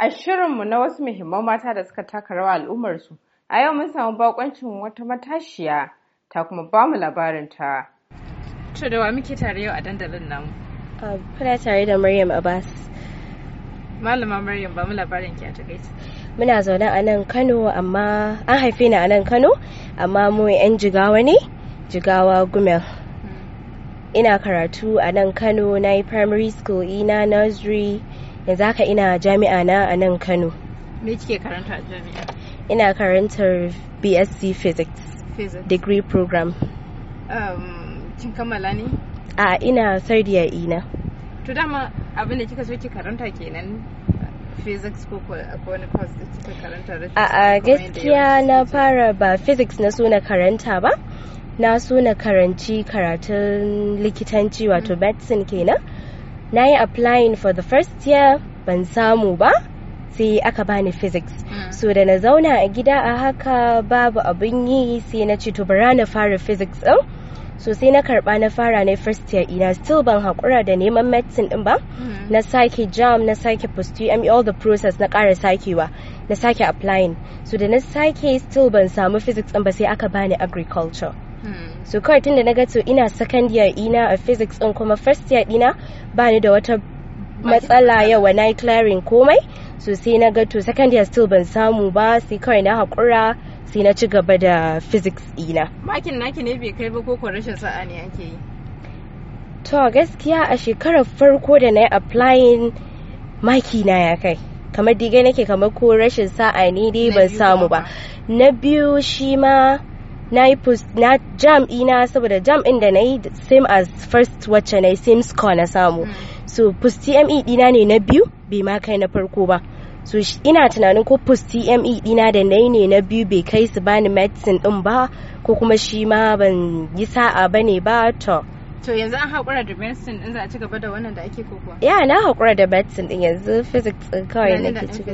A shirinmu na wasu muhimman mata da suka taka rawa al'ummarsu, a yau mun samu bakoncin wata matashiya ta kuma ba mu labarin ta. To da wa muke tare yau a dandalin namu? Ah, kuna tare da Maryam Abbas. Malama Maryam ba mu labarin ki a takaice. Muna zaune a nan Kano amma an haife ni a nan Kano amma mu 'yan jigawa ne, jigawa gumel. Hmm. Ina karatu a nan Kano na yi primary school ina nursery yanzu haka ina jami'a na a nan kano me kike karanta a jami'a ina karantar bsc physics, physics. degree program um, kin kammala ne a ina third year ina to dama abin da kika so ki karanta kenan physics ko ko wani course da kika karanta a gaskiya na fara ba physics na suna karanta ba na suna karanci karatun likitanci wato mm. medicine kenan na yi applying for the first year ban samu ba sai aka bani physics hmm. so da na zauna a gida a haka babu abin yi sai na ce to bara na fara physics din so sai na karba na fara na first year ina still ban hakura da neman medicine din ba hmm. na sake jam na sake post UME e, all the process na kara sakewa na sake applying so da na sake still ban samu physics din ba sai aka bani agriculture hmm. so kawai tunda na gato ina second year ina a physics din kuma first year dina ba ni da wata matsala yawa na clearing komai so sai na gato second year still ban samu ba sai kawai na haƙura sai na ci gaba da physics dina makin naki ne bai kai ba ko rashin sa'a ne ake yi to gaskiya a shekarar farko da na yi applying maki na ya kai kamar digai nake kamar ko rashin sa'a ne dai ban samu ba na biyu shi ma na yi na jam ina saboda jam ɗin da na yi same as first wacce na yi same score na samu hmm. so pus tme ɗina ne na biyu bai ma kai na farko ba so ina tunanin ko pus tme ɗina da na yi ne na biyu bai kai su bani medicine ɗin ba ko kuma shi ma ban yi sa'a ba ne ba to to yanzu an haƙura da medicine ɗin za a ci gaba da wannan da ake kokowa ya na haƙura da medicine ɗin yanzu physics kawai nake ci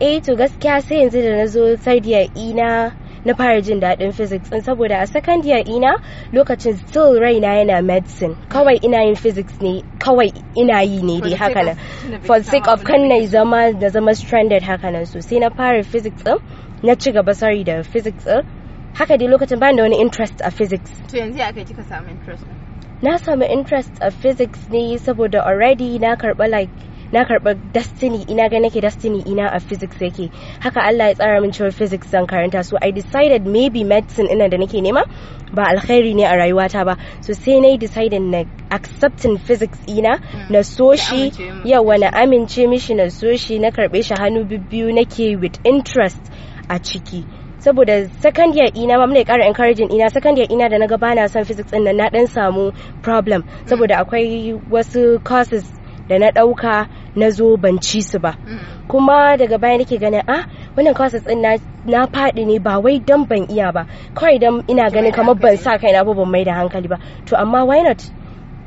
eh to gaskiya sai yanzu da na zo third year ina na fara jin daɗin physics din saboda a second year ina lokacin still raina yana medicine kawai ina yin physics ne kawai ina yi ne dai haka nan for sake of kan na zama da zama stranded haka nan so sai na fara physics din na ci gaba sorry da physics din haka dai lokacin bayan da wani interest a physics to yanzu ya kai kika samu interest na samu interest a physics ne saboda already na karba like na karba destiny ina ga nake destiny ina a physics yake haka Allah ya tsara min cewa physics zan karanta so I decided maybe medicine ina da nake nema ba alkhairi ne a rayuwata ba so sai na yi decided na accepting physics ina hmm. na so shi yawa na amince mishi na so shi na karɓe shi hannu bibiyu nake with interest a ciki saboda second year ina ma muna ƙara encouraging ina second year ina da na gaba na son physics din nan na dan samu problem hmm. saboda akwai wasu courses da na dauka. na zo ban ci su ba mm. kuma daga baya nake ganin ah wannan kwasa tsin na faɗi ne ba wai dan ban iya ba kawai dan ina ganin kamar ban sa kaina ba ban mai da hankali ba to amma why not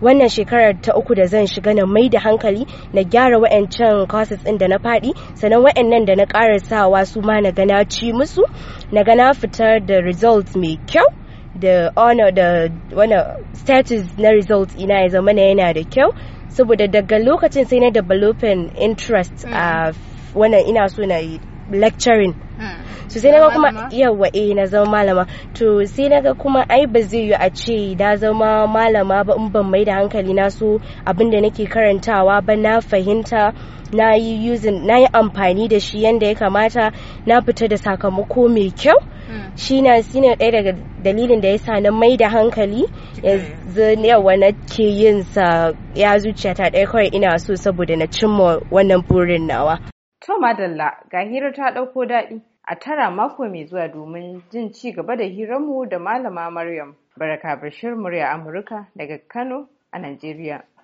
wannan shekarar ta uku da zan shiga na mai da hankali na gyara wa'ancan courses din da na faɗi sannan wa'annan da na ƙara sawa su ma na gana ci musu na gana fitar da results mai kyau da honor da wani status na results ina ya zama na yana da kyau saboda daga lokacin sai na developing interest mm. a wannan ina so na yi lecturing mm. so sai naga kuma yawa eh na zama malama to sai naga kuma ai ba zai yi a ce na zama malama ba in ban mai da hankali na so abinda nake karantawa ba na fahimta na yi using na yi amfani da shi yanda ya kamata na fita da sakamako mai kyau Hmm. shi na shine ɗaya daga dalilin da ya sa na mai da hankali yanzu yawa na ke yin sa ya zuciya ta ɗaya kawai ina so saboda na cimma wannan burin nawa. To madalla ga hira ta ɗauko daɗi a tara mako mai zuwa domin jin ci gaba da hirarmu da malama Maryam. Baraka Bashir murya Amurka daga Kano a Najeriya.